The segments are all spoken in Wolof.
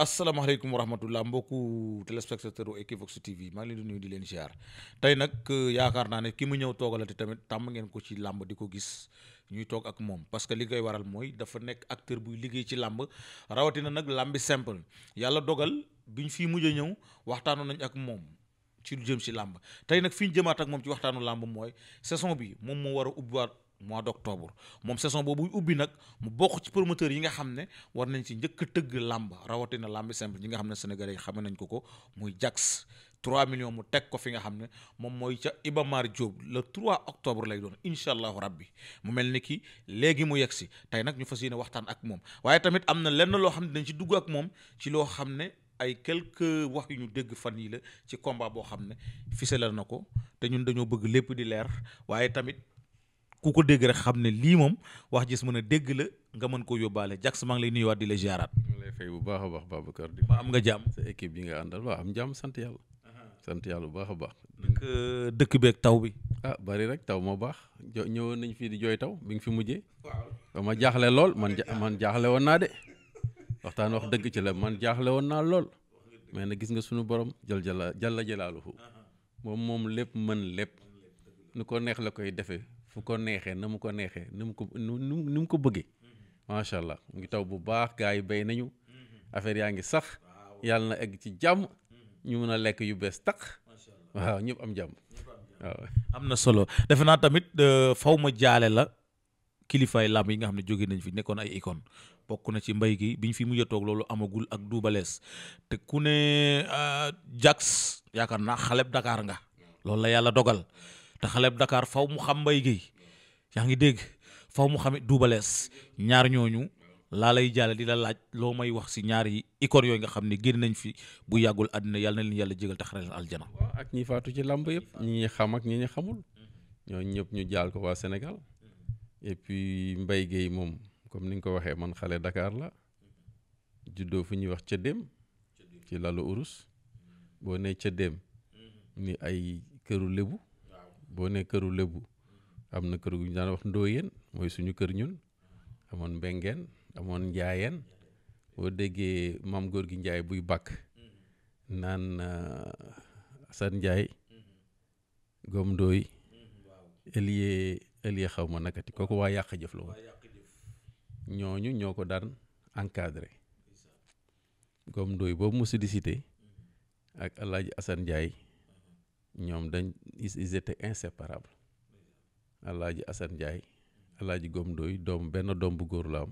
asalaamaaleykum wa rahmatullah mbokku téléspectateur u Equivox TV maa ngi leen di nuyu leen ziar tey nag euh, yaakaar naa ne ki mu ñëw toogalati tamit tàmm ngeen ko ci làmb di ko gis ñuy toog ak moom parce que li koy waral mooy dafa nekk acteur buy liggéey ci làmb rawatina nag làmbi simple yàlla dogal biñ fi mujj a ñëw waxtaanoon nañ ak moom ci lu jëm ci làmb tey nag fi ñu jëmaat ak moom ci waxtaanu làmb mooy saison bi moom moo war a ubbiwaat mois d'octobre moom saison boobu ubbi nag mu bokk ci promoteur yi nga xam ne war nañ ci njëkk a tëgg làmb rawatina làmb simple yi nga xam ne sénégalais yi xam nañ ko ko muy jags 3 millions mu teg ko fi nga xam ne moom mooy ca Iba Mar Diop le 3 octobre lay doon incha allahu rabbi mu mel ni ki léegi mu yegg si tey nag ñu fas yéene waxtaan ak moom waaye tamit am na lenn loo xam ne dañ ci dugg ak moom ci loo xam ne ay quelques wax yu ñu dégg fan yi la ci combat boo xam ne ficelal na ko te ñun dañoo bëgg lépp di leer waaye tamit ku ko dégg rek xam ne lii moom wax ji su mën a dégg la nga mën koo yóbbaale Jax maa lay nuyuwaat di la ziaraat. lay fay bu baax a baax Babacar di. ba am nga jàmm sa équipe bi nga àndal waaw am jàmm sant uh-huh. sant yàlla bu baax a baax. naka uh, dëkk beeg taw bi. Ah, bari rek taw moo baax ñëwoon nañ fii di jooy taw bi nga fi mujjee. waaw ma jaaxle lool man man jaaxle woon naa de waxtaan wax dëgg ci man jaaxle woon naa lool. mais nag gis nga suñu borom jël jala jalla jalaaluhu uh-huh. moom moom lépp mën lépp nu ko neex la koy defee fu ko neexee na mu ko neexee ni mu ko nu mu ko bëggee macha allah mu ngi taw bu baax gars yi béy nañu affaire yaa ngi sax yàlla na egg ci jàmm ñu mun a lekk yu bees takk waaw ñëpp am jàmm waaw. am na solo defe naa tamit faw ma jaale la kilifaay làmb yi nga xam ne jóge nañ fi nekkoon ay icône bokk na ci mbay gi bi biñ fi mujj a toog loolu amagul ak duubalees te ku ne ah, Jax yaakaar naa xaleb dakaar nga loolu la yàlla dogal. te xaleb dakaar faw mu xam mbay Guèye yaa ngi dégg faw mu xam it Double ñaar ñooñu laa lay jàlle di la laaj loo may wax si ñaar yi icône yooyu nga xam ni génn nañ fi bu yàggul àddina yàlla na leen yàlla jégal te xare leen aljana ak ñi faatu ci làmb yëpp ñi xam ak ñi ñi xamul ñooñu ñëpp ñu jaal ko waa senegal et puis Mbaye moom comme ni nga ko waxee man xale dakaar la juddoo fu ñuy wax ca cëddeem ci lalu urus boo nee ca dém ni ay këru lébu boo ne këru lébu am na kër gu ñu daan wax ndooyeen mooy suñu kër ñun amoon mbengeen amoon njaayeen boo déggee maam góor gi njaay buy bàkk naan euh, Assane Njaay gom ndooy Elie Elie xaw ma nakati kooku waa yàq jëf la woon ñooñu ñoo ko daan encadré gom ndooy boobu mu di ak El Hadj Assane Ndiaye ñoom dañ ils étaient inséparables alaaji Assane Ndiaye alaaji Gomdoy doom benn doom bu góor la am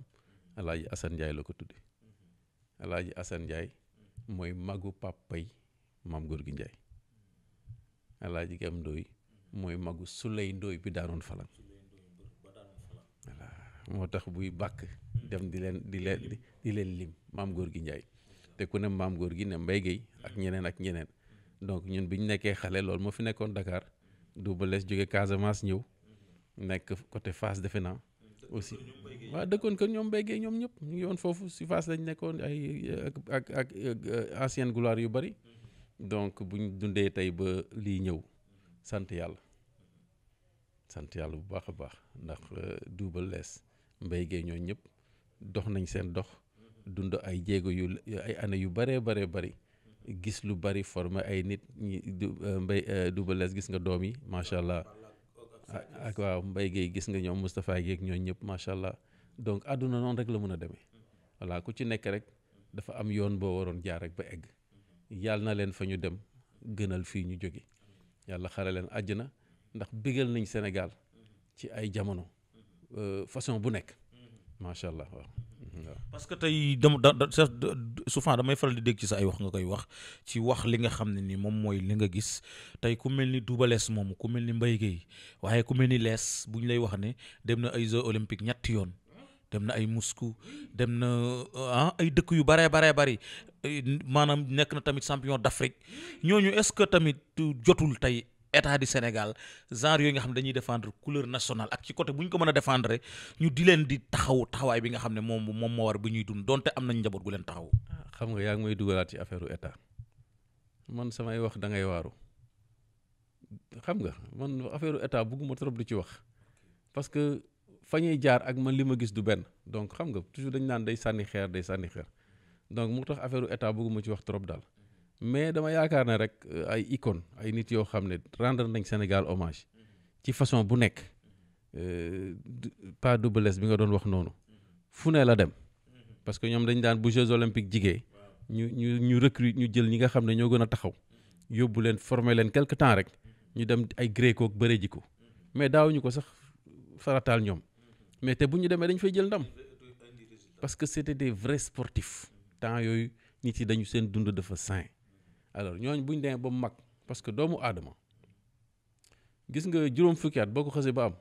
alaaji Assane Ndiaye la ko tudde alaaji Assane Ndiaye mooy magu pàppay maam góor gi Ndiaye alaaji Gomdoy mooy magu Suley Ndooy bi daanoon falan moo tax buy bàkk dem di leen di leen di lim maam góor gi Ndiaye te ku ne maam góor gi ne mbay Guèye ak ñeneen ak ñeneen donc ñun bi ñu nekkee xale loolu moo fi nekkoon dakaar Double Less jóge Casamance ñëw nekk côté Fass defe naa aussi waaw dëkkoon kër ñoom béygee ñoom ñëpp ñu ngi woon foofu si Fass lañ nekkoon ay ak ak ancienne gloire yu bari donc bu ñu dundee tey ba lii ñëw sant yàlla sant yàlla bu baax a baax ndax euh, Double Less mbéygee ñoom ñëpp dox nañ seen dox dund ay jéego yu ay année yu baree baree bari gis lu bari former ay nit ñi du euh, mbay euh, Double Less gis nga doom yi macha allah ak waaw mbay Guèye gis nga ñoom Moustapha Guèye ak ñooñu ñëpp macha allah donc àdduna noonu rek la mën a demee voilà ku ci nekk rek dafa am yoon boo waroon jaar rek ba egg yàlla na leen fa ñu dem gënal fii ñu jóge yàlla xare leen na ndax bégal nañ Sénégal ci ay jamono euh, façon bu nekk macha allah waaw. parce que tey dama da da souvent damay faral di dégg ci sa ay wax nga koy wax ci wax li nga xam ne ni moom mooy li nga gis tey ku mel ni Double Less moom ku mel ni Mbaye Guèye waaye ku mel ni Less bu ñu lay wax ne dem na ay Jeux olympiques ñetti yoon dem na ay Moscou dem na ah ay dëkk yu baree baree bari maanaam nekk na tamit champion d'Afrique ñooñu est-ce que tamit jotul tey état du Sénégal genre yooyu nga xam ne dañuy défendre couleur nationale ak ci côté bu ñu ko mën a défendre ñu di leen di taxaw taxawaay bi nga xam ne moom moom moo war bu ñuy dund donte am nañ njaboot gu leen taxaw. Ah, xam nga yaa ngi may dugalaat ci affaire état man samay wax da ngay waaru xam nga man affaire état bugguma trop di ci wax parce que fa ñuy jaar ak man li ma gis du benn donc xam nga toujours dañ naan day sànni xeer day sànni xeer donc mu tax affaire état bugguma ci wax trop daal. mais dama yaakaar ne rek euh, ay icône ay nit yoo xam ne rendre nañ Sénégal hommage ci façon bu nekk euh, pas Double Less bi nga doon wax noonu fu ne la dem parce que ñoom dañ daan bu Jeux olympiques jigee ñu ñu ñu recrute ñu jël ñi nga xam ne ñoo gën a taxaw yóbbu leen forme leen quelque temps rek ñu dem ay gréco ak bëre ji ko mais daawuñu ko sax farataal ñoom mais te bu ñu demee dañ fay jël ndam parce que c'était des vrais sportifs temps yooyu nit yi dañu seen dund d sain alors ñooñ buñ demee ba mu mag parce que doomu aadama gis nga juróom fukki at boo ko xasee ba am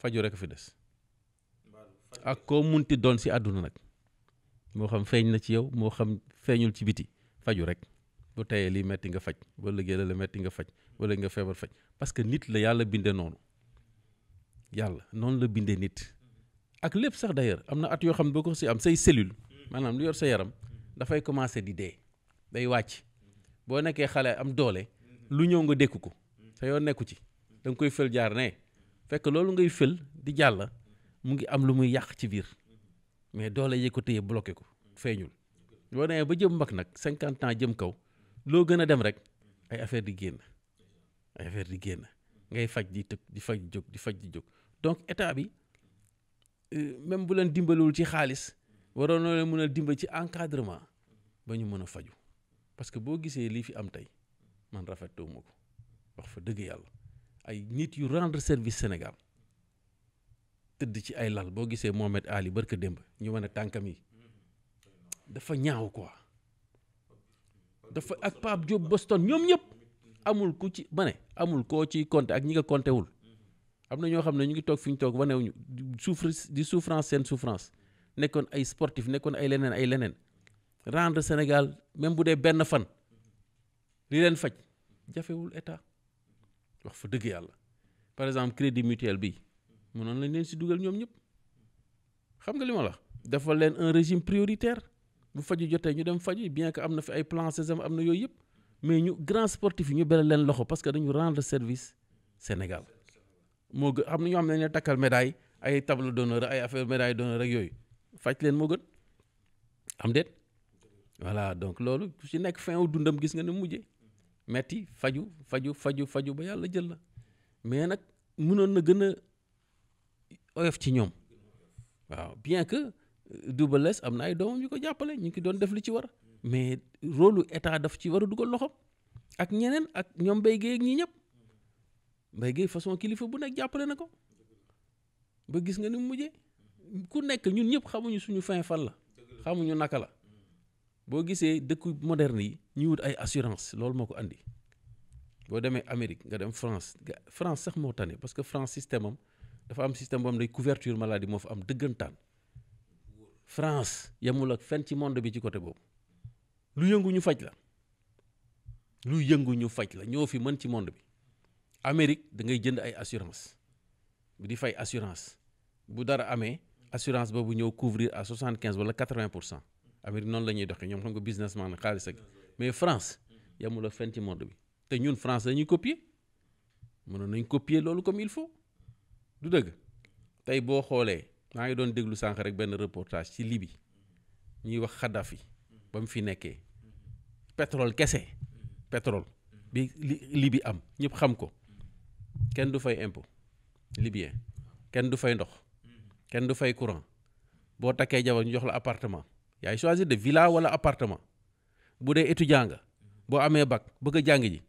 faju rek fi des ak koo munti doon si àdduna nag moo xam feeñ na ci yow moo xam feeñul ci biti faju rek bu teyee lii metti nga faj wala géla la metti nga faj wala nga feebar faj parce que nit la yàlla bindee noonu yàlla noonu la bindee nit ak lépp sax d'ailleurs am na at yoo xam ne boo ko si am say cellule maanaam lu yor sa yaram di dee day wàcc boo nekkee xale am doole lu ñëw nga dékku ko sa yoon nekku ci da nga koy fël jaar ne fekk loolu ngay fël di jàll mu ngi am lu muy yàq ci biir mais doole yi ko téye bloqué ko feeñul. boo nee ba jëm mag nag cinquante ans jëm kaw loo gën a dem rek ay affaire di génn ay affaire di génn ngay faj di tëb di faj di jóg di faj di jóg donc état bi euh, même bu leen dimbaliwul ci xaalis waroon na leen mën a dimbal ci encadrement ba ñu mën a faju parce que boo gisee lii fi am tey man rafetewuma ko wax fa dëgg yàlla ay nit yu rendre service Sénégal tëdd ci ay lal boo gisee Mohamed Ali barka démb ñu wane tànkam yi dafa ñaaw quoi dafa ak Pape joob Boston ñoom ñëpp amul ku ci ma ne amul koo ci compter ak ñi nga compter am na ñoo xam ne ñu ngi toog fi ñu toog wanewuñu souffre di souffrance seen souffrance nekkoon ay sportif nekkoon ay leneen ay leneen rendre Sénégal même bu dee benn fan li leen faj jafewul état wax fa dëgg yàlla par exemple crédit mutuel bi mënoon nañ leen si dugal ñoom ñëpp xam nga li ma la dafa leen un régime prioritaire bu faju jotee ñu dem faju bien que am na fi ay plan Sésame am na yooyu yëpp mais ñu grand sportif yi ñu beral leen loxo parce que dañu rendre service Sénégal moo gën xam na ñoo xam ne ne takkal médaille ay tableau d'honneur ay affaire médaille d'honneur ak yooyu faj leen moo gën am voilà donc loolu ku nekk fin wu dundam gis nga ne mujje metti faju faju faju faju ba yàlla jël na mais nag munoon na gën a oyof ci ñoom waaw bien que euh, Double Less am na ay doomam yu ko jàppale ñu ngi doon def li ci war mais rôle état daf ci war a dugal loxo ak ñeneen ak ñoom Mbaye Guèye ak ñii ñëpp Mbaye Guèye façon kilifa bu nekk jàppale na ko ba gis nga ni mu mujjee ku nekk ñun ñëpp xamuñu suñu fin fan la xamuñu naka la boo gisee dëkku moderne yi ñuy wut ay assurance loolu moo ko indi boo demee Amérique nga dem France France sax moo tane parce que France système am dafa am système boo am day couverture moo fa am dëggantaan France yemul ak fenn ci monde bi ci côté boobu lu yëngu ñu faj la lu yëngu ñu faj la ñoo fi mën ci monde bi Amérique da ngay jënd ay assurance bu di fay assurance bu dara amee assurance boobu ñëw couvrir à soixante quinze wala quatre vingt pour cent Amérique noonu la ñuy doxee ñoom xam ko businessman la xaalis ak mais France yamula fenn ci monde bi te ñun France dañuy copier mënoon nañ copier loolu comme il faut du dëgg tey boo xoolee maa ngi doon déglu sànq rek benn reportage ci libi ñuy wax Kadhafi ba mu fi nekkee pétrole kese pétrole bi Libye am ñëpp xam ko kenn du fay impo libien kenn du fay ndox kenn du fay courant boo takkee jabar ñu jox la appartement yaay choisir de villa wala appartement bu dee étudiant nga boo amee bac bëgg a jàng ji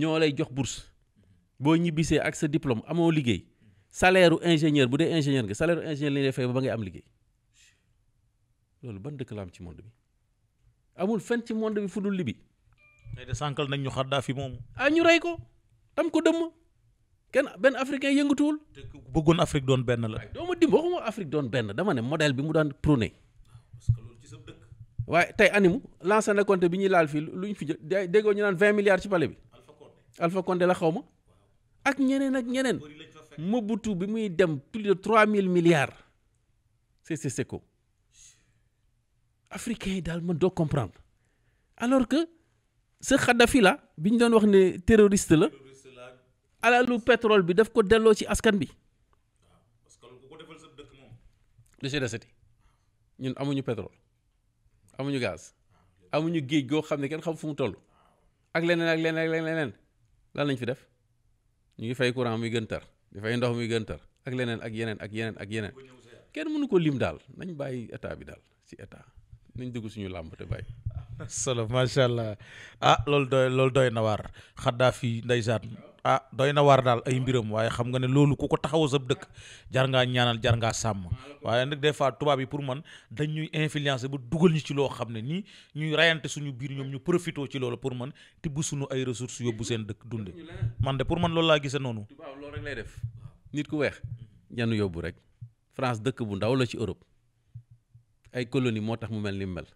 ñoo lay jox bourse boo ñibbisee ak sa diplôme amoo liggéey salaire ingénieur bu dee ingénieur nga salaire ingénieur lañuy fay ba ngay am liggéey loolu ban dëkk la am ci monde bi amul fen ci monde bi fu dul libi. tey de sànkal nañ ñu fi moom. ah ñu rey ko tam ko dëmm kenn benn africain yëngatuwul. te bëggoon Afrique doon benn la. doo ma dim waxuma Afrique doon benn dama ne modèle bi mu daan prôné. waaye tey animu lancé na compte bi ñuy laal fii lu ñu fi jël déggoo ñu naan vingt milliards ci palais bi Alpha Condé la xaw ma ak ñeneen ak ñeneen Mobutu bi muy dem plus de trois mille milliards c'est c'est c'est ko africain yi daal ma doo comprendre alors que ce Kadhafi la bi ñu doon wax ne terroriste la alalu pétrole bi daf ko delloo ci askan bi li ci desati ñun amuñu pétrole amuñu gaas amuñu géej goo xam ne kenn xam fu mu toll ak leneen ak leneen ak leneen lan lañ fi def ñu ngi fay courant muy gën tar di fay ndox muy gën tar ak leneen ak yeneen ak yeneen ak yeneen kenn mënu ko lim daal nañ bàyyi état bi daal ci état nañ dugg suñu làmb te bàyyi. solo macha allah ah loolu doy lool doy na waar Xaddaafi ndeysaan ah doy na waar daal ay mbiram waaye xam nga ne loolu ku ko taxawu sab dëkk jar ngaa ñaanal jar ngaa sàmm waaye nag des fois tubaab yi pour man dañ ñuy influencer ba dugal ñu ci loo xam ne nii ñuy rayante suñu biir ñoom ñu profité ci loolu pour man tibb suñu ay ressources yóbbu seen dëkk dunde man de pour man loolu laa gise noonu. tubaab loolu rek def nit ku weex janu yóbbu rek France dëkk bu ndaw la ci Europe ay colonie moo tax mu mel ni mel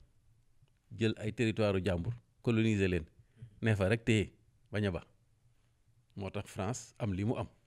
jël ay territoire jàmbur coloniser leen ne rek téye bañ ba moo tax France am li mu am